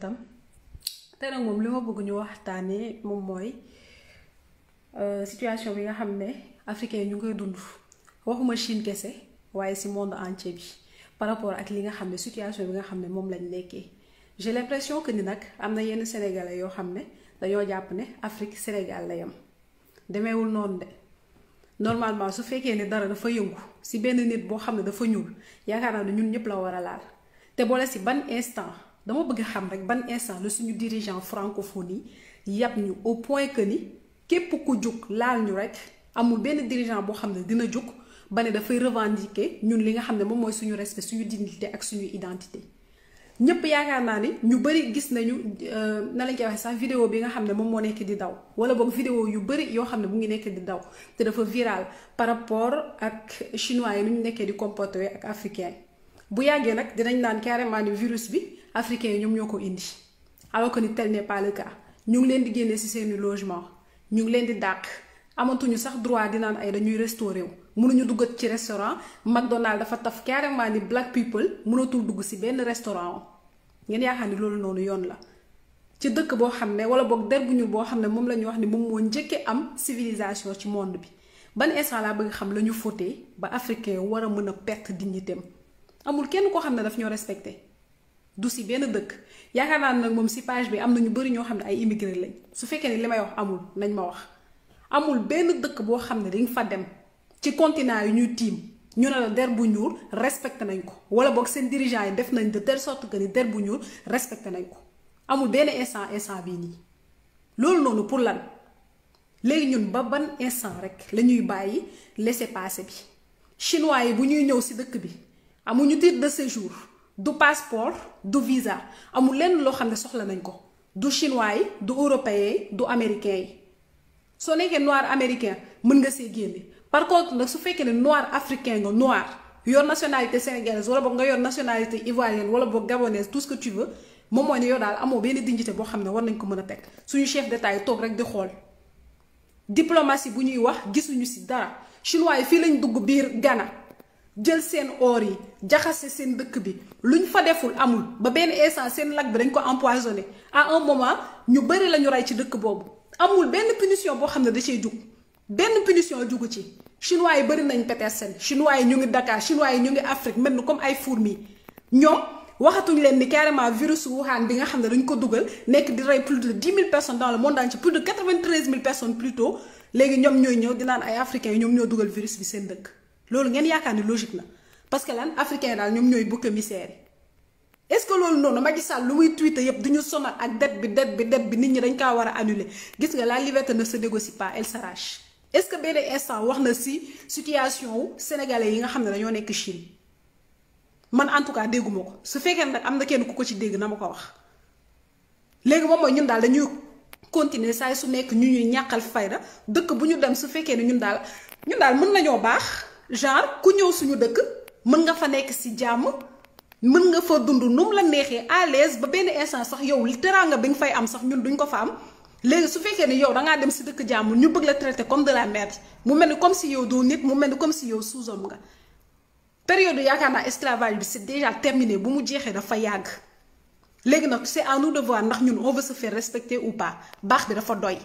tam te nag moom li ma bëgg ñu waxtaanee moom mooy euh, situation bi nga xam ne africain ñu ngi koy dund waxuma Chine kese waaye ci monde entier bi par rapport ak li nga xam ne situation bi nga xam ne moom lañ nekkee j'ai l'impression que ni nag am na yenn sénégalais yoo xam ne dañoo jàpp ne Afrique Sénégal la yem demeewul noonu de normalement su fekkee ne dara dafa yëngu ci benn nit boo xam ne dafa ñuul yaakaar naa ne ñun ñëpp la war a laal te boole ci ban dama bëgg xam rek ban instant la suñu dirigeant francophonie yàpp ñu au point que ni képp ku jug laal ñu rek amul benn dirigeant boo xam ne dina jug ba ne dafay revendiquer ñun li nga xam ne moom mooy suñu respect suñu dindité ak suñu identité. ñëpp yaakaar naa ni ñu bëri gis nañu euh, na lañ koy waxee sax vidéo bi nga xam ne moom moo nekk di daw wala boog vidéo yu bëri yoo xam ne mu ngi nekk di daw te dafa viral par rapport ak chinois yi nu ñu nekkee di comporter ak africain bu yàggee nag dinañ naan carrément ni virus bi. africains yi ñoom ñoo ko indi alors que ni tel n'est pas ñu ngi leen di génne ci seeni logement ñu ngi leen di dàq amatuñu sax droit di naan ay dañuy restauré wu mënuñu duggat ci restaurant McDonald dafa taf carrément ni black people mënatul dugg ci benn restaurant ngeen yaakaar ni loolu noonu yoon la ci dëkk boo xam ne wala boog der bu ñuul boo xam ne moom la ñu wax ni moom moo njëkkee am civilisation ci monde bi ban instant laa bëgg xam la ñu fóotee ba africain war a mën a perte dignitéem amul kenn koo xam ne daf ñoo respecté du si benn dëkk yaakaar naa nag moom si page bi am na ñu bëri ñoo xam ne ay immigré lañ su fekkee ne li may wax amul nañ ma wax amul benn dëkk boo xam ne dinga fa dem ci continent yu ñuy tiim ñu ne la der bu ñuul respecté nañ ko wala boog seen dirigeant yi def nañ de telle sorte que ni der bu ñuul respecté nañ ko amul benn instant instant bii nii loolu noonu pour lan léegi ñun ba ban instant rek la ñuy bàyyi laisser passer bi chinois yi bu ñuy ñëw si dëkk bi amuñu titre de séjour du passeport du visa amul lenn loo xam ne soxla nañ ko du chinois du européen, du américain yi que noir américain mën nga see génne par contre nag su fekkee ne noir africain nga noir yor nationalité sénégalaise wala boog nga yor nationalité ivoirienne wala boog gabonaise tout ce que tu veux moom mooy ne yow daal amoo benn dignité boo xam ne war nañ ko mën a teg suñu chef d'état yi toog rek di xool diplomatie bu ñuy wax gisuñu ci dara chinois yi fii lañ dugg biir Ghana. jël seen or yi jaxase seen dëkk bi lu luñ fa deful amul ba benn instant seen lac bi dañ ko empoisonné à un moment ñu bëri la ñu rey ci dëkk boobu amul benn punition boo xam ne da cee jug benn punition jugu ci chinois ñu ngi Dakar chinois yi ñu ngi Afrique mel ni comme ay fourmis ñoom waxatuñ leen ni carrément virus Wuhan bi nga xam ne dañ ko dugal nekk di rey plus de dix mille personnes dans le monde entier plus de quatre-vingt-treize mille personnes plutôt léegi ñoom ñooy ñëw di ay africains ñoom ñoo dugal virus bi seen dëkk. loolu ngeen yaakaar ni logique na parce que lan africain daal ñoom ñooy bouc émissaire yi est ce que loolu noonu Macky lu muy tweeté yëpp du ñu sonal ak dette bi dette bi dette bi nit ñi dañ kaa war a annuler gis nga la liberté ne se négocie pas elle s'arrache est ce que benn instant wax na si situation wu sénégalais yi nga xam ne dañoo nekk Chine man en tout cas dégguma ko su fekkee nag am na kenn ku ko ci dégg na ma ko wax léegi moom mooy ñun daal dañuy continuer saa su nekk ñu ñuy ñàkkal fayda dëkk bu ñu dem su fekkee ne ñun daal ñun daal mën nañoo baax. genre ku ñëw suñu si jàmm mën fa la à l'aise ba instant sax fa am comme de la merde mu comme si yow doo nit comme si yow sous période yaakaar esclavage c'est déjà terminé bu mu jeexee dafa c'est à nous de voir ndax on veut se faire respecter ou pas baax bi la doy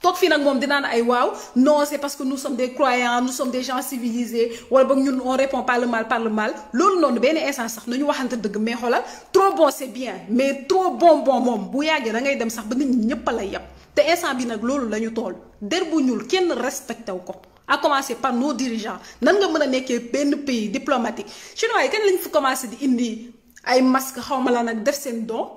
toog fii nag moom dinaan ay waaw non c'est parce que nous sommes des croyants nous sommes des gens civilisés wala boog on répond pas le mal par le mal loolu non ben essence sax nañu waxante deug mais xolal trop bon c'est bien mais trop bon bon mom bu yàggee da ngay dem sax ba nit ñi ñëpp a lay te instant bi nak loolu lañu ñu tool der bu kenn respecté ko à commencer par nos dirigeants nan nga mën a ben pays diplomatique chinois yi lañ fi commencé di indi ay masque xawma la nak def sen don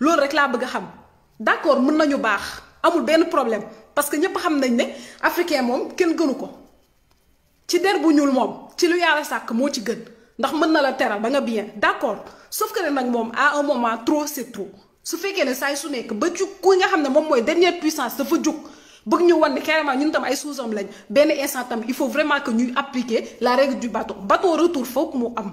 loolu rek laa bëgg a xam d'accord mën nañu baax amul benn problème parce que ñëpp xam nañ ne africain moom kenn gënu ko ci der bu ñuul moom ci lu yàlla sàkk moo ci gën ndax mën na la teral ba nga bien d'accord sauf que ne nag moom à un moment trop c'est trop su fekkee ne saay su nekk ba ci ku nga xam ne moom mooy dernière puissance dafa jóg bëgg ñu wan ne carrément ñun tam ay sous lañ benn instant tam il faut vraiment que ñu appliquer la règle du bâton bâton retour foog mu am.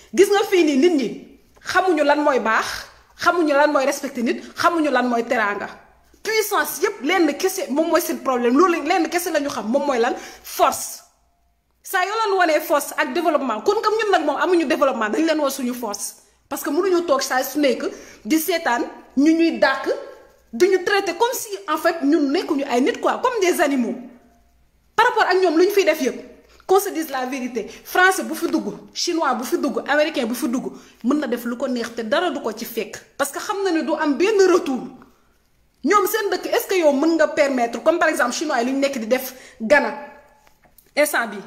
gis nga fii nii nit ñi xamuñu lan mooy baax xamuñu lan mooy respecté nit xamuñu lan mooy teranga puissance yépp lenn kese moom mooy seen problème loolu lenn kese lañu xam moom mooy lan force saa yoo leen wanee force ak développement kon comme ñun nag moom amuñu développement dañ leen wa suñu force parce que mënuñu toog saa su nekk di seetaan ñu ñuy dàq di ñu traité comme si en fait ñun nekkuñu ay nit quoi comme des animaux par rapport ak ñoom luñ fiy def yëpp qu'on se dise la vérité France bu fi dugg chinois bu fi dugg américain bu fi dugg mën na def lu ko neex te dara du ko ci fekk parce que xam na ne du am benn retour ñoom seen dëkk est-ce que yow mën nga permettre comme par exemple chinois yi lu ñu nekk di def Ghana instant bi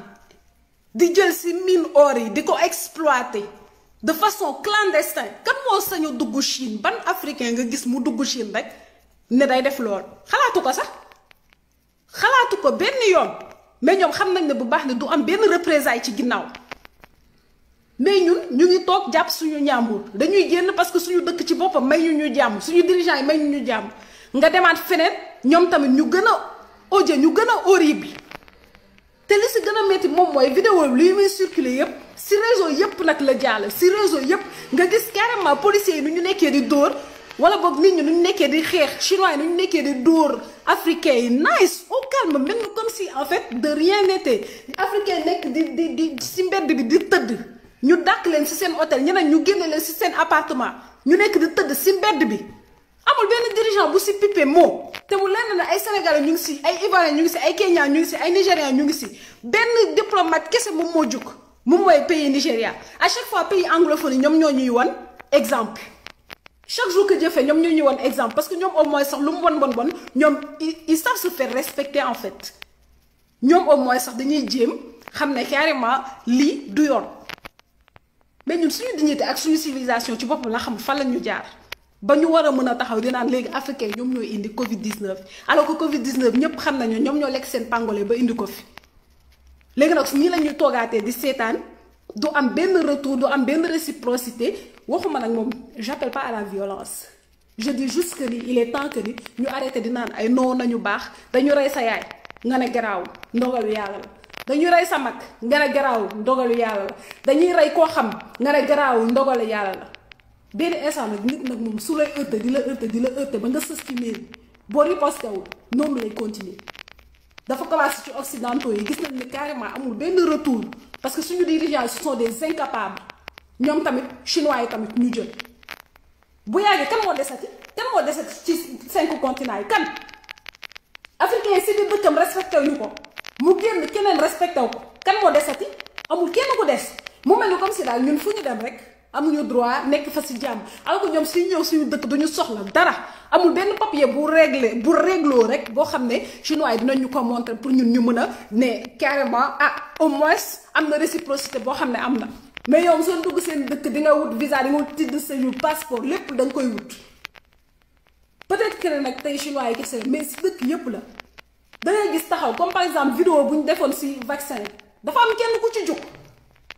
di jël si mine or yi di ko exploiter de façon clandestine kan moo sañu dugg Chine ban africain nga gis mu dugg Chine rek ne day def lool xalaatu ko sax xalaatu ko benn yoon. mais ñoom xam nañ ne bu baax ne du am benn représailles ci ginnaaw mais ñun ñu ngi toog jàpp suñu ñaambur dañuy génn parce que suñu dëkk ci boppam may ñu ñu jàmm suñu dirigeant yi may ñu ñu jàmm nga demaat feneen ñoom tamit ñu gën a odieux ñu gën a horrible te li si gën a métti moom mooy vidéo li muy circuler yëpp si réseau yëpp nag la jàll si réseau yëpp nga gis carrément policiers yi nu ñu nekkee di dóor. wala boog nit ñi nu ñu nekkee di xeex chinois yi nu ñu nekkee di dóor africain yi nice au calme même comme si en fait de rien n'était africain nekk di di di si mbedd bi di tëdd ñu dàq leen si seen hôtel ñeneen ñu génne leen si seen appartement ñu nekk di tëdd si mbedd bi amul benn dirigeant bu si pipe moo te mu lenn na ay sénégalais ñu ngi si ay ivoiriens ñu ngi si ay kényan ñu ngi si ay nigérians ñu ngi si benn diplomate kese moom moo jug moom mooy pays Nigéria à chaque fois pays anglophone yi ñoom ñoo ñuy wan exemple chaque jour que Dieu fait ñoom ñoo ñëwoon exemple parce que ñoom au moins sax lu mu bon bon bon ñoom il savent se faire respecter en fait ñoom au moins sax dañuy jéem xam ne carrément lii du yoon mais ñun suñu dignité ak suñu civilisation ci boppam la xam fan la ñu jaar ba ñu war a mën a taxaw di naan léegi africain ñoom ñoo indi Covid 19 alors que Covid 19 ñëpp xam nañu ñoom ñoo lekk seen pangolin ba indi ko fi léegi nag nii la ñuy toogaatee di seetaan. Do am ben retour do am ben réciprocité waxuma nak mom j'appelle pas à la violence je dis juste que il est temps que ni ñu arrêté di naan ay non nañu bax dañu rey sa yaay nga ne garaaw ndogalu yalla dañu dañuy rey sa mak nga ne garaaw ndogalu yalla dañuy rey ko xam nga ne garaaw ndogalu yalla la instant nak nit nag moom su lay ëtte di la ëtte di la ëtte ba nga sës ci miir boo ripostewul lay continuer dafa commencé ci occidentaux yi gis nañ carrément retour parce que suñu dirigeants sont des incapables ñoom tamit chinois et tamit ñu jël bu yàggee kan moo desati kan moo desati ci cinq continents yi kan africain si biir dëkkam respecté ñu ko mu génn keneen respecté kan moo desati amul kenn ku des mu mel ni comme si daal ñun amuñu droit nek fa si jàmm alors que ñoom suñu ñëw suñu dëkk duñu soxla dara amul ben papier bu régler bu régloo rek bo xamné ne chinois dinañ ñu ko montrer pour ñun ñu mëna né carrément ah au moins amna réciprocité bo xamné amna mais yow soo dugg seen dëkk di nga wut visa di nga wut titre séjour passeport lepp da koy wut peut-être que nag tey chinois yi kese mais si dëkk yépp la. da ngay gis taxaw comme par exemple vidéo bu défon ci vaccin dafa am kenn ku ci jóg.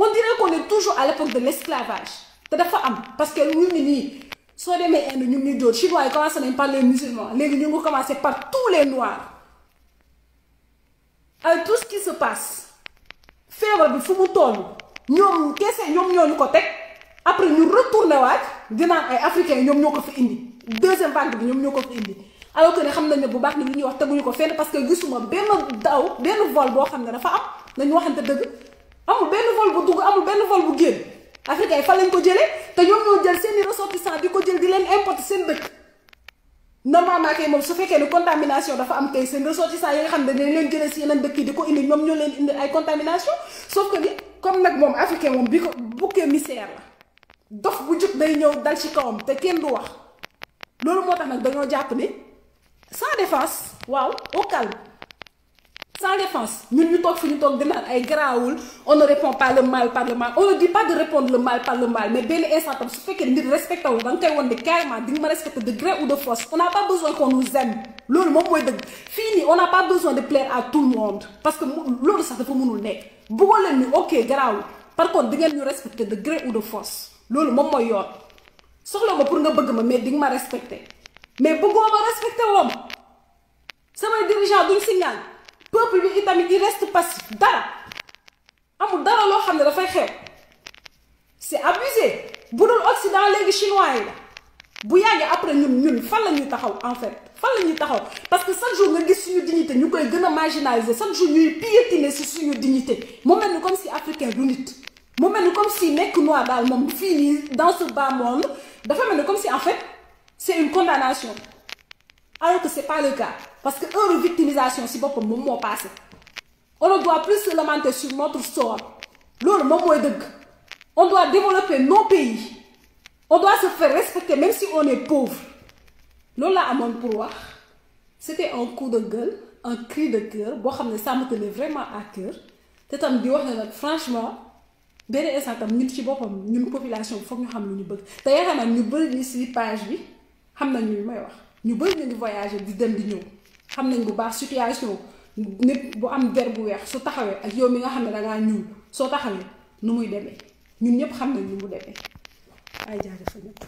on dirait qu'on est toujours à l'époque de l'esclavage dafa parce que nous, nous nous, nous, nous, nous nous nous, nous, nous, commencé nous les musulmans ñu commencé par tous les noirs euh, tout ce qui se passe nous, nous, fu nous nous, nous, nous, nous nous après nous retourné africains sont nous deuxième vague de nous nous alors que nous nañ bu baax ni parce que gisuma daw vol xam dafa am waxante amul ben vol bu dugg amul vol bu guen africain yi lañ ko jëlé té ñoom ñoo jël seen ressortissant diko jël di leen importer seen dëkk normalement su contamination dafa am tay seen ressortissant yi nga xam leen contamination sauf que ni comme nak mom africain moom biko misère la bu day ñëw dal ci kawam té kenn du wax lolu motax nak dañoo japp ni sans défense au calme sans défense ñun nous toog nous ñu de ay on ne répond pas le mal par le mal on ne dit pas de répondre le mal par le mal mais bien instant ce fait fekkee nit respecté wu da nga carrément ma de gré ou de force on n'a pas besoin qu'on nous aime loolu moom mooy dëgg fini, on n'a pas besoin de plaire à tout le monde parce que ça, c'est pour nous. nekk bëggoon le ni ok garaawul par contre nous ngeen ñu de gré ou de force loolu moom mooy yoon soxla ma pour nga bëgg ma mais di ma respecté mais bëggoo ma respecté C'est mon dirigeant duñ signal peuple bi itamit il reste passif dara amul dara lo xam da fay xew c'est abusé bu dul Occident légui chinois yi bu yagi après ñun ñun fan la taxaw en fait fan la taxaw parce que chaque jour nga gis suñu dignité ñukoy gëna marginaliser chaque jour ñuy piétiner si suñu dignité mo melni comme si africain du nit mu comme si nek noir daal mom fii dans ce bas monde dafa mel ni comme si en fait c'est une condamnation alors que ce n'est pas le cas parce que heure victimisation si pour le moment passé on ne doit plus se lamenter sur notre sort le moom est on doit développer nos pays on doit se faire respecter même si on est pauvre Lola laa mon pour c'était un coup de gueule un cri de cœur boo ça me tenait vraiment à cœur C'est un di franchement benn instant tam ñun ci population bi foog ñu xam lu ñu bëgg d'ailleurs yaakaar naa ñu bëri ci page bi ñu may ñu bëri ñu ngi di dem di ñëw xam nañ bu baax situation nit bu am der bu weex su taxawee ak yow mi nga xam ne dangaa ñuul soo taxawee nu muy demee ñun ñëpp xam nañ ni mu demee ay jaajëf ñëpp